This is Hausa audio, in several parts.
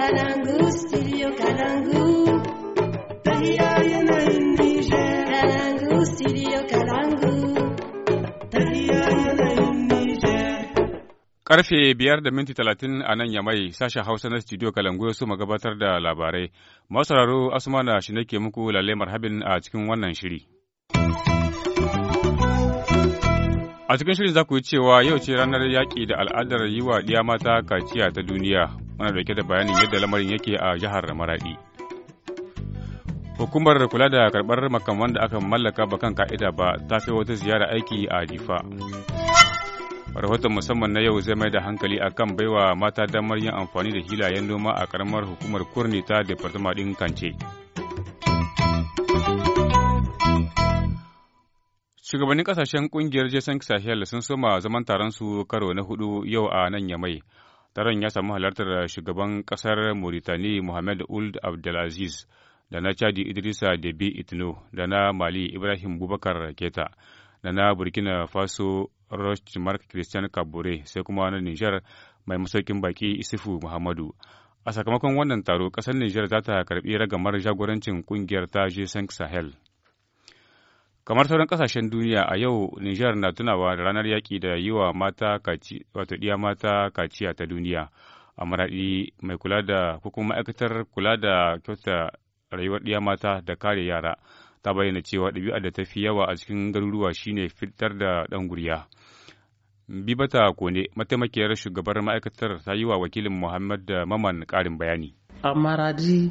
Kalangu, studio Kalangu. Kalangu, studio Kalangu. Karfe biyar da minti talatin a nan Yamai, sashen Hausa na studio Kalangu ya ma gabatar da labarai. Masararo Asmana shi nake muku lalle marhabin a cikin wannan shiri. A cikin shirin za ku yi cewa yau ce ranar yaƙi da al'adar yi wa ɗiya mata kaciya ta duniya. muna dauke da bayanin yadda lamarin yake a jihar maradi hukumar kula da karɓar makam da aka mallaka ba kan ka'ida ba ta fi wata ziyara aiki a Jifa. rahoton musamman na yau zai mai da hankali akan baiwa mata damar yin amfani da hilayen noma a karamar hukumar kurni ta departement din kance Shugabannin kasashen kungiyar jesan Sahel sun soma zaman taron su karo na hudu yau a nan Yamai. Taron ya samu halartar shugaban ƙasar Mauritani Mohamed Ould Abdelaziz da na Chadi Idrisa Debi Itno da na Mali Ibrahim Bubakar Keta da na Burkina Faso Roch Mark Christian Kabore sai kuma na Nijar mai masaukin baki isifu Muhammadu. A sakamakon wannan taro, ƙasar Nijar za ta karɓi ragamar jagorancin ƙungiyar ta G5 Sahel. Kamar sauran kasashen duniya a yau Nijar na tunawa da ranar yaƙi da yiwa wa mata kaci wato ɗiya mata kaciya ta duniya. A maraɗi mai kula da ma'aikatar kula da kyauta rayuwar ɗiya mata da kare yara ta bayyana cewa ɗabi'a da ta fi yawa a cikin garuruwa shine fitar da ɗan guriya. Bibata Kone mataimakiyar shugabar ma'aikatar ta yi wa wakilin Muhammad Maman ƙarin bayani. A Maradi,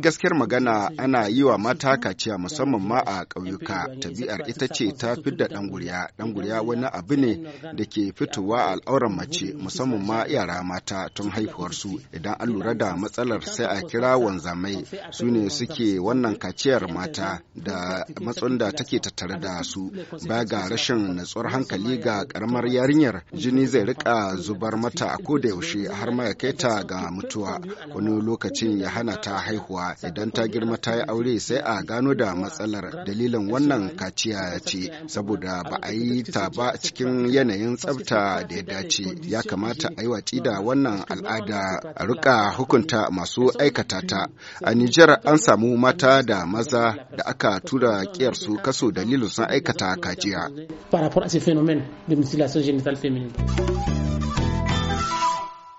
gaskiyar magana ana yi wa mata kaciya musamman ma a ƙauyuka. Tabi'ar ita ce ta fidda ɗan ɗanguriya Ɗan wani abu ne da ke fitowa a al'auran mace musamman ma yara mata tun haihuwarsu. Idan an lura da matsalar sai a kira wanzamai su ne suke wannan kaciyar mata da matsun da take tattare da su. Baya ga rashin natsuwar hankali ga ƙaramar yarinyar jini zai rika zubar mata a koda yaushe har ma ya kai ta ga mutum mutuwa wani lokacin ya hana ta haihuwa idan ta girma ta yi aure sai a gano da matsalar dalilin wannan kaciya ya ce saboda ba a yi ta ba cikin yanayin tsafta da ya dace ya kamata a yi watsi da wannan al'ada a rika hukunta masu aikata ta a Nijar an samu mata da maza da aka tura kiyarsu kaso dalilin sun aikata kaciya.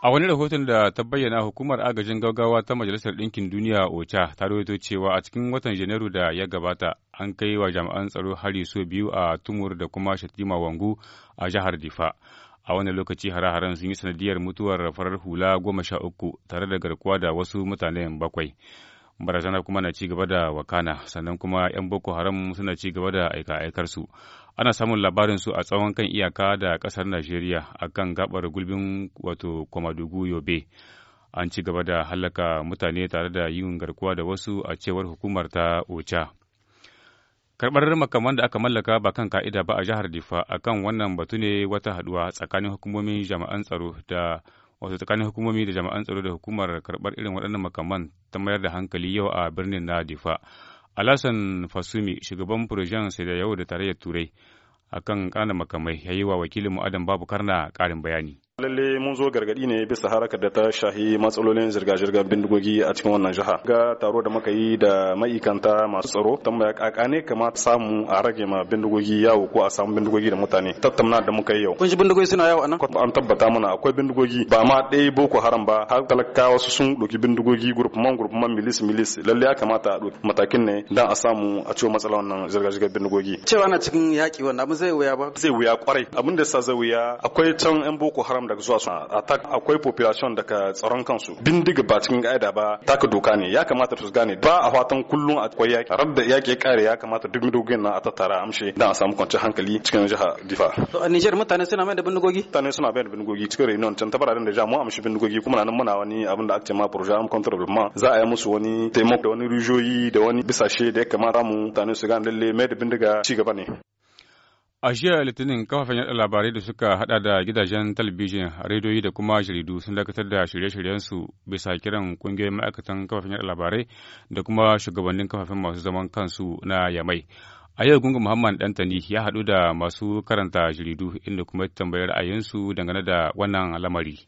A wani rahoton da ta bayyana hukumar agajin gaggawa ta Majalisar Ɗinkin Duniya OCHA ta rawaito cewa a cikin watan Janairu da ya gabata an kai wa jami'an tsaro hari so biyu a Tumur da kuma Shatima Wangu a jihar Difa. A wannan lokaci hare-haren sun yi sanadiyar mutuwar farar hula goma sha uku tare da garkuwa da wasu mutanen bakwai. Barazana kuma na ci gaba da wakana sannan kuma 'yan Boko Haram suna ci gaba da aika-aikarsu. ana samun labarin su a tsawon kan iyaka da kasar najeriya a kan gabar gulbin wato kwamadugu yobe an ci gaba da hallaka mutane tare da yin garkuwa da wasu a cewar hukumar ta ocha karɓar makaman da aka mallaka ba kan ka'ida ba a jihar difa kan wannan batu ne wata haɗuwa tsakanin hukumomin jami'an tsaro da wato tsakanin hukumomi da jami'an tsaro da hukumar karɓar irin waɗannan makaman ta mayar da hankali yau a birnin na difa Alasan Fasumi shugaban Furojan sai da yau da tarayyar Turai akan kana makamai ya yi wa wakilinmu Adam Babu Karna ƙarin bayani. lalle mun zo gargadi ne bisa harakar da ta shahi matsalolin zirga-zirgar bindigogi a cikin wannan jiha ga taro da muka yi da ma'aikanta masu tsaro tambaya kaka ne kamata samu a rage ma bindigogi yawo ko a samu bindigogi da mutane tattauna da muka yi yau kun ji bindigogi suna yawo anan an tabbata mana akwai bindigogi ba ma dai boko haram ba har talakawa su sun doki bindigogi gurfuman gurfuman milis milis lalle ya kamata a doki matakin ne dan a samu a ciwo matsalar wannan zirga-zirgar bindigogi cewa ana cikin yaki wannan abin zai wuya ba zai wuya kwarai abinda sa zai wuya akwai can yan boko haram daga zuwa su attack akwai population daga tsaron kansu bindiga ba cikin ka'ida ba taka doka ne ya kamata su gane ba a fatan kullum akwai yaki da yaki ya kare ya kamata duk midogin nan a tattara amshe dan a samu kwanciyar hankali cikin jihar Difa to a Niger mutane suna mai da bindigogi mutane suna mai da bindigogi cikin rayuwar can ta fararen da ja mu amshi bindigogi kuma nan muna wani abin da ake ma projet am ma za a yi musu wani taimako da wani rijiyoyi da wani bisashe da ya kamata mu mutane su gane lalle mai da bindiga ci gaba ne A jiya Litinin kafafen yaɗa labarai da suka hada da gidajen talabijin, rediyoyi da kuma jaridu sun dakatar da shirye-shiryensu bisa kiran kungiyoyin ma'aikatan kafafen yaɗa labarai da kuma shugabannin kafafen masu zaman kansu na Yamai. A yau gungun Muhammad Dantani ya haɗu da masu karanta jaridu inda kuma tambayar ra'ayinsu dangane da wannan lamari.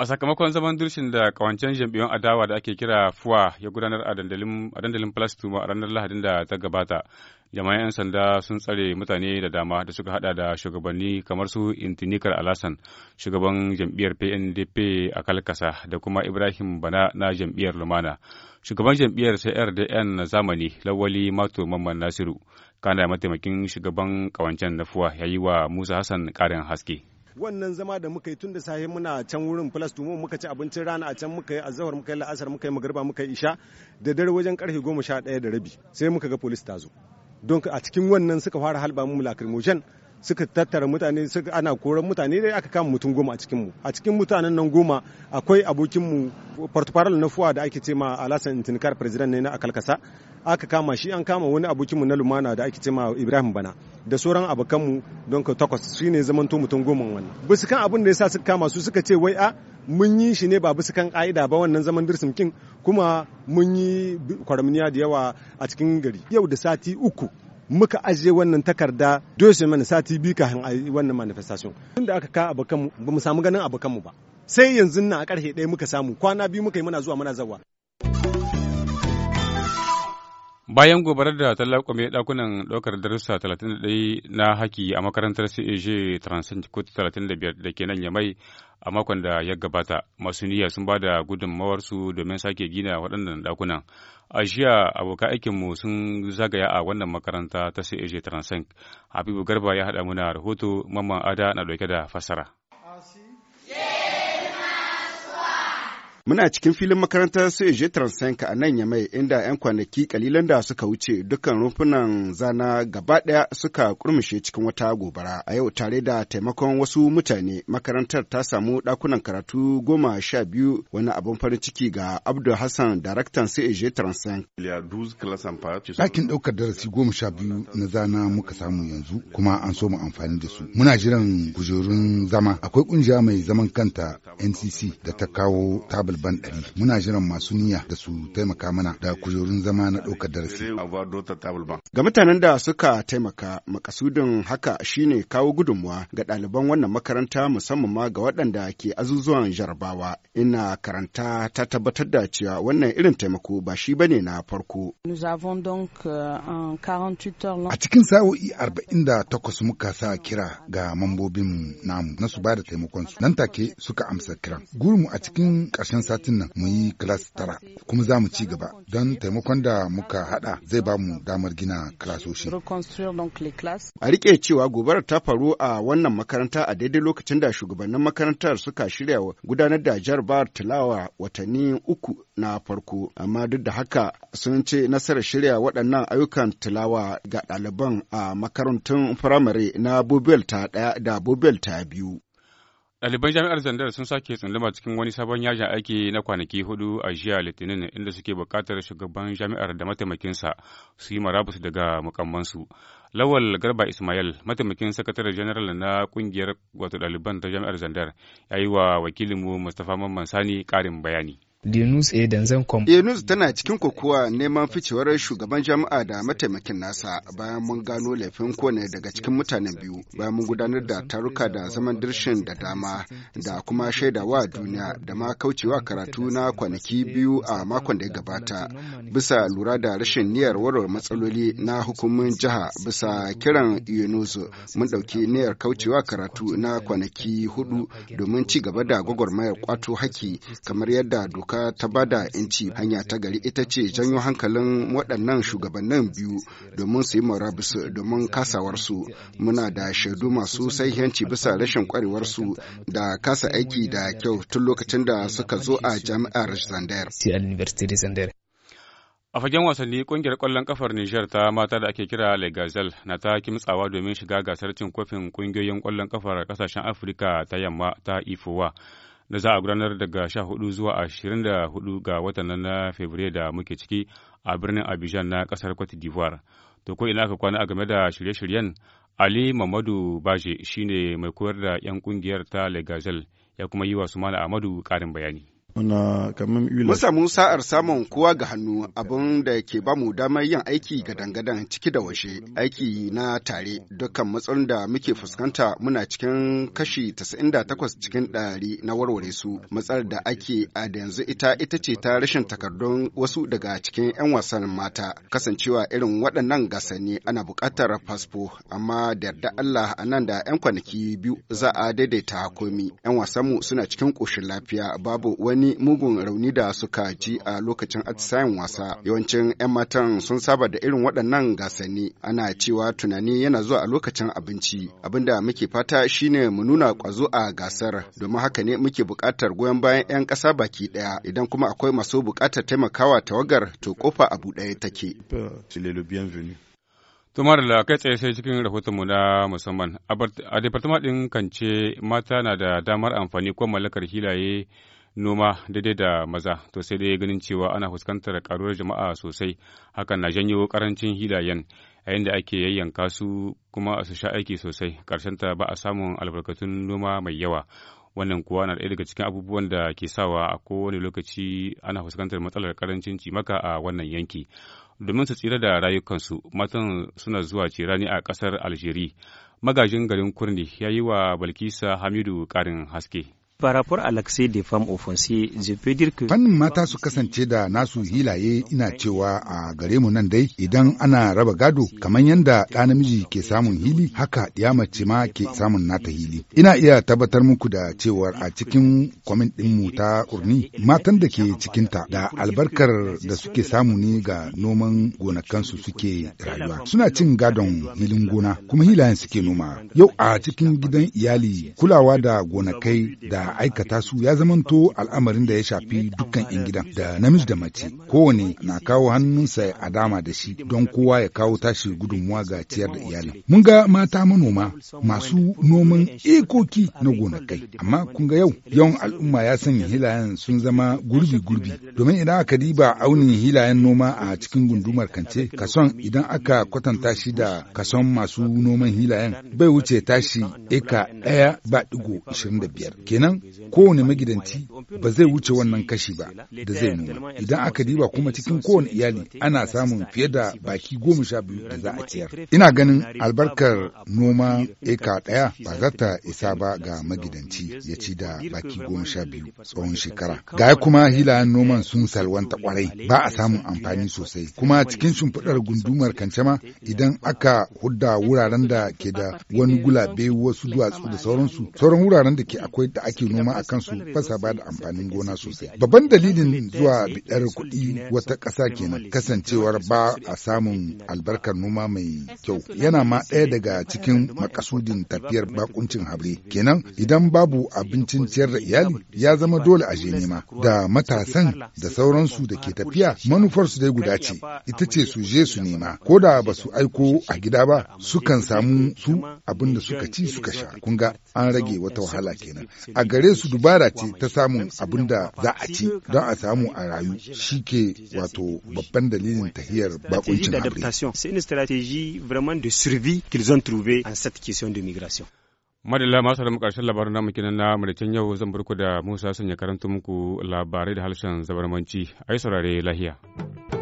A sakamakon zaman dirshin da kawancen jam'iyyun adawa da ake kira fuwa ya gudanar a dandalin Plastuma a ranar Lahadin da ta gabata, jama'an 'yan sanda sun tsare mutane da dama da suka hada da shugabanni kamar su Intinikar Alasan, shugaban jam'iyyar PNDP a Kalkasa da kuma Ibrahim Bana na jam'iyyar Lumana. Shugaban jam'iyyar CRDN na zamani Lawali Mato Mamman Nasiru, kana mataimakin shugaban kawancen na fuwa ya yi wa Musa Hassan karin haske. wannan zama da muka yi tun da safe muna can wurin plus tumo muka ci abincin rana a can muka yi azahar muka yi la'asar muka yi magariba muka yi isha da dare wajen karfe goma sha ɗaya da rabi sai muka ga polis ta zo don a cikin wannan suka fara halba mu lacrimogen suka tattara mutane suka ana koran mutane dai aka kama mutum goma a cikin mu a cikin mutanen nan goma akwai abokin mu portugal na fuwa da ake ce ma alasan intinkar president ne na akalkasa aka kama shi an kama wani abokinmu na lumana da ake cema ibrahim bana da sauran abokanmu don ka takwas shi ne zaman to mutum goma wannan bisa kan abin da ya sa suka kama su suka ce wai a mun yi shi ne ba bisa kan ka'ida ba wannan zaman dirsim kin kuma mun yi kwaramniya da yawa a cikin gari yau da sati uku muka ajiye wannan takarda dole mana sati biyu kafin a wannan manifestation tunda aka ka abokanmu ba mu samu ganin abokanmu ba sai yanzu na a karhe ɗaya muka samu kwana biyu muka yi muna zuwa muna zawa Bayan gobarar da ta laƙwame ɗakunan ɗaukar darussa 31 na haki a makarantar CAG Transcend Kut 35 da ke nan Yamai a makon da ya gabata, masu niyya sun ba da gudunmawarsu domin sake gina waɗannan ɗakunan. A jiya abokan aikinmu sun zagaya a wannan makaranta ta CAG Transcend. Habibu Garba ya haɗa muna rahoto, Mamman Ada na ɗauke da fasara. Muna cikin filin makarantar Soje Transenka a nan Yamai inda 'yan kwanaki kalilan da suka wuce dukkan rumfunan zana gaba ɗaya suka kurmushe cikin wata gobara. A yau tare da taimakon wasu mutane makarantar ta samu ɗakunan karatu goma sha biyu wani abin farin ciki ga Abdul Hassan daraktan Soje Transenka. Ɗakin ɗaukar darasi goma sha biyu na zana muka samu yanzu kuma an so mu amfani da su. Muna jiran kujerun zama akwai ƙungiya mai zaman kanta NCC da ta kawo tabal ɗaliban ɗari muna jiran masu niyya da su taimaka mana da kujerun zama na ɗaukar darasi. Ga mutanen da suka taimaka makasudin haka shine kawo gudunmuwa ga ɗaliban wannan makaranta musamman ma ga waɗanda ke azuzuwan jarabawa ina karanta ta tabbatar da cewa wannan irin taimako ba shi bane na farko. Euh, a cikin sa'o'i arba'in da takwas muka sa kira ga mambobin namu na su ba da taimakonsu nan take suka amsa kiran. Gurmu a cikin ƙarshen wannan satin nan mu yi kilas tara kuma za mu ci gaba don taimakon da muka hada zai ba mu damar gina kilasoshi. A rike cewa gobarar ta faru a wannan makaranta a daidai lokacin da shugabannin makarantar suka shirya gudanar da jarabar tilawa watanni uku na farko amma duk da haka sun ce nasarar shirya waɗannan ayyukan tilawa ga ɗaliban a makarantun firamare na Bobel ta ɗaya da Bobel ta biyu. Ɗaliban jami'ar Zandar sun sake tsunduma cikin wani sabon yajin aiki na kwanaki hudu a jiya Litinin inda suke buƙatar shugaban jami'ar da mataimakinsa su yi marabus daga mukammansu. Lawal Garba Ismail, mataimakin sakataren janaral na ƙungiyar wato ɗaliban ta jami'ar Zandar, ya yi wa wakilinmu Mustapha Mamman Sani ƙarin bayani. Yenus tana cikin kokowa neman ficewar shugaban jami'a da mataimakin nasa bayan mun gano laifin kone daga cikin mutanen biyu bayan mun gudanar da taruka da zaman dirshin da dama da kuma shaidawa duniya da ma kaucewa karatu na kwanaki biyu a makon da ya gabata bisa lura da rashin niyyar warware matsaloli na hukumin jiha bisa kiran Yenus mun ɗauki niyyar kaucewa karatu na kwanaki hudu domin ci gaba da gwagwarmayar kwato haki kamar yadda doka doka ta bada inci hanya ta gari ita ce janyo hankalin waɗannan shugabannin biyu domin su yi murabus domin kasawarsu muna da shaidu masu sahihanci bisa rashin kwarewarsu da kasa aiki da kyau tun lokacin da suka zo a jami'ar Zander. A fagen wasanni kungiyar kwallon kafar Nijar ta mata da ake kira Legazel na ta kimtsawa domin shiga gasar cin kofin kungiyoyin kwallon kafar kasashen Afirka ta yamma ta Ifowa. da za a gudanar daga hudu zuwa hudu ga watan nan na Fabrairu da muke ciki a birnin Abidjan na kasar Cote d'Ivoire. To ko ina ka kwana a game da shirye-shiryen Ali Mamadu Baje shine mai koyar da 'yan kungiyar ta Legazel ya kuma yi wa Sumana amadu ƙarin bayani. Mun samu sa'ar samun kowa ga hannu abin da ke ba mu damar yin aiki gadan ciki da washe aiki na tare dukkan matsalolin da muke fuskanta muna cikin kashi 98 cikin ɗari na warware su matsalar da ake a da yanzu ita ita ce ta rashin takardun wasu daga cikin 'yan wasan mata kasancewa irin waɗannan gasanni ana buƙatar fasfo amma da yarda Allah a nan da 'yan kwanaki biyu za a daidaita komi 'yan wasanmu suna cikin ƙoshin lafiya babu wani wani mugun rauni da suka ji a lokacin atisayen wasa. Yawancin 'yan matan sun saba da irin waɗannan gasanni. Ana cewa tunani yana zuwa a lokacin abinci. Abin da muke fata shine mu nuna ƙwazo a gasar. Domin haka ne muke buƙatar goyon bayan 'yan ƙasa baki ɗaya. Idan kuma akwai masu buƙatar taimakawa tawagar to kofa a buɗe take. tumar da kai tsaye sai cikin rahotonmu na musamman a departama ɗin kance mata na da damar amfani ko mallakar hilaye noma daidai da maza to sai dai ganin cewa ana fuskantar karuwar jama'a sosai hakan na janyo karancin hilayen a da ake yayyanka su kuma su sha aiki sosai ta ba a samun albarkatun noma mai yawa wannan kuwa na ɗaya daga cikin abubuwan da ke sawa a kowane lokaci ana fuskantar matsalar karancin cimaka a wannan yanki domin su tsira da rayukansu matan suna zuwa cirani a ƙasar algeria magajin garin kurni ya yi wa balkisa hamidu ƙarin haske Fannin mata su kasance da nasu hilaye ina cewa a gare mu nan dai idan ana raba gado kamar yadda ɗa namiji ke samun hili haka ya mace ma ke samun nata hili. Ina iya tabbatar muku da cewar a cikin kwamin mu ta kurni matan da ke cikinta da albarkar da suke samu ne ga noman gonakansu suke rayuwa. Suna cin gadon hilin gona kuma hilayen suke noma. Yau a cikin gidan iyali kulawa da gonakai da aka aikata su ya zamanto al'amarin da ya shafi dukkan 'yan gidan da namiji da mace kowane na kawo hannunsa a dama da shi don kowa ya kawo tashi gudunmuwa ga ciyar da iyali. Mun ga mata manoma masu noman ekoki na gonakai amma kun ga yau yawan al'umma ya sanya hilayen sun zama gurbi-gurbi domin idan aka diba aunin hilayen noma a cikin gundumar kance kason idan aka kwatanta shi da kason masu noman hilayen bai wuce tashi eka ɗaya ba ɗigo ashirin da biyar kenan kowane magidanci ba zai wuce wannan kashi ba da zai nuna idan aka diba kuma cikin kowane iyali ana samun fiye da baki goma sha biyu da za a ciyar ina ganin albarkar noma eka ɗaya ba za ta isa ba ga magidanci ya ci da baki goma sha biyu tsawon shekara ga kuma hilayen noman sun salwanta kwarai ba a samun amfani sosai kuma cikin shimfiɗar gundumar kancama idan aka hudda wuraren da ke da wani gulabe wasu duwatsu da sauransu sauran wuraren da ke akwai da ake noma a kansu basa ba da amfanin gona sosai. Babban dalilin zuwa biɗar kuɗi wata ƙasa kenan kasancewar ba a samun albarkar noma mai kyau yana ma ɗaya daga cikin makasudin tafiyar bakuncin habre kenan idan babu abincin ciyar da iyali ya zama dole a je nema da matasan da sauransu da ke tafiya manufar manufarsu dai guda ce ita ce su je su nema ko da ba su aiko a gida ba sukan samu su abin da suka ci suka sha kun ga an rage wata wahala kenan a gare su dubara ce ta samun abin da za a ci don a samu a rayu shi ke wato babban dalilin tahiyar bakuncin migration. madalla masu da karshen labarin namu kenan na madacin yau zan barku da musa sanya karanta muku labarai da harshen zabarmanci ai saurare lahiya.